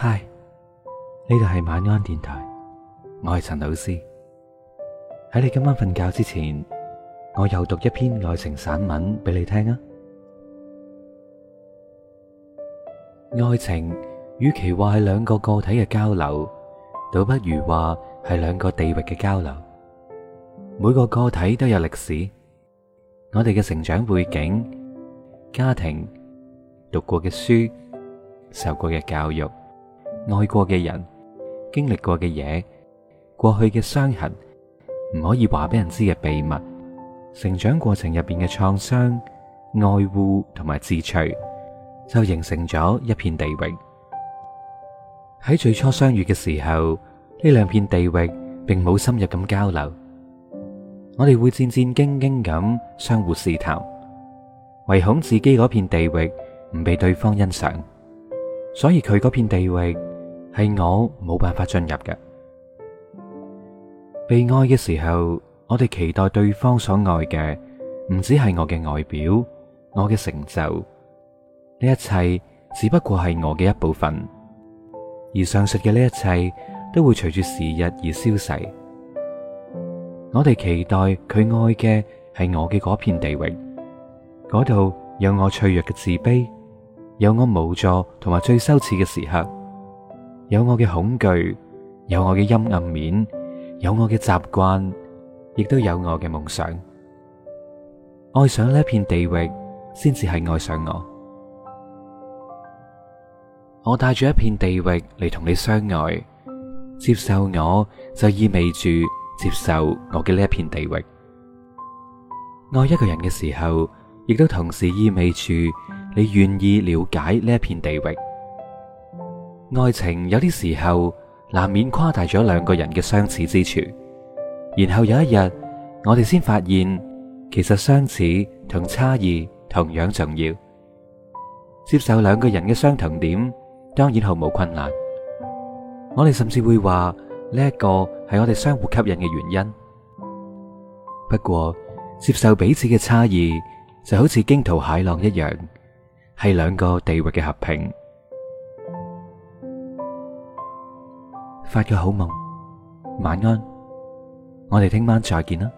嗨，呢度係晚安電台，我係陳老師。喺你今晚瞓覺之前，我又讀一篇愛情散文俾你聽啊。愛情與其話係兩個個體嘅交流，倒不如話係兩個地域嘅交流。每個個體都有歷史，我哋嘅成長背景、家庭、讀過嘅書、受過嘅教育。愛過嘅人，經歷過嘅嘢，過去嘅傷痕，唔可以話俾人知嘅秘密，成長過程入邊嘅創傷、愛護同埋自脆，就形成咗一片地域。喺最初相遇嘅時候，呢兩片地域並冇深入咁交流。我哋會戰戰兢兢咁相互試探，唯恐自己嗰片地域唔被對方欣賞，所以佢嗰片地域。係我冇辦法進入嘅。被愛嘅時候，我哋期待對方所愛嘅唔止係我嘅外表，我嘅成就。呢一切只不過係我嘅一部分，而上述嘅呢一切都會隨住時日而消逝。我哋期待佢愛嘅係我嘅嗰片地域，嗰度有我脆弱嘅自卑，有我無助同埋最羞恥嘅時刻。有我嘅恐懼，有我嘅陰暗面，有我嘅習慣，亦都有我嘅夢想。愛上呢一片地域，先至係愛上我。我帶住一片地域嚟同你相愛，接受我就意味住接受我嘅呢一片地域。愛一個人嘅時候，亦都同時意味住你願意了解呢一片地域。愛情有啲時候難免誇大咗兩個人嘅相似之處，然後有一日我哋先發現，其實相似同差異同樣重要。接受兩個人嘅相同點，當然毫無困難。我哋甚至會話呢一個係我哋相互吸引嘅原因。不過接受彼此嘅差異，就好似驚濤駭浪一樣，係兩個地域嘅合併。發個好夢，晚安，我哋聽晚再見啦。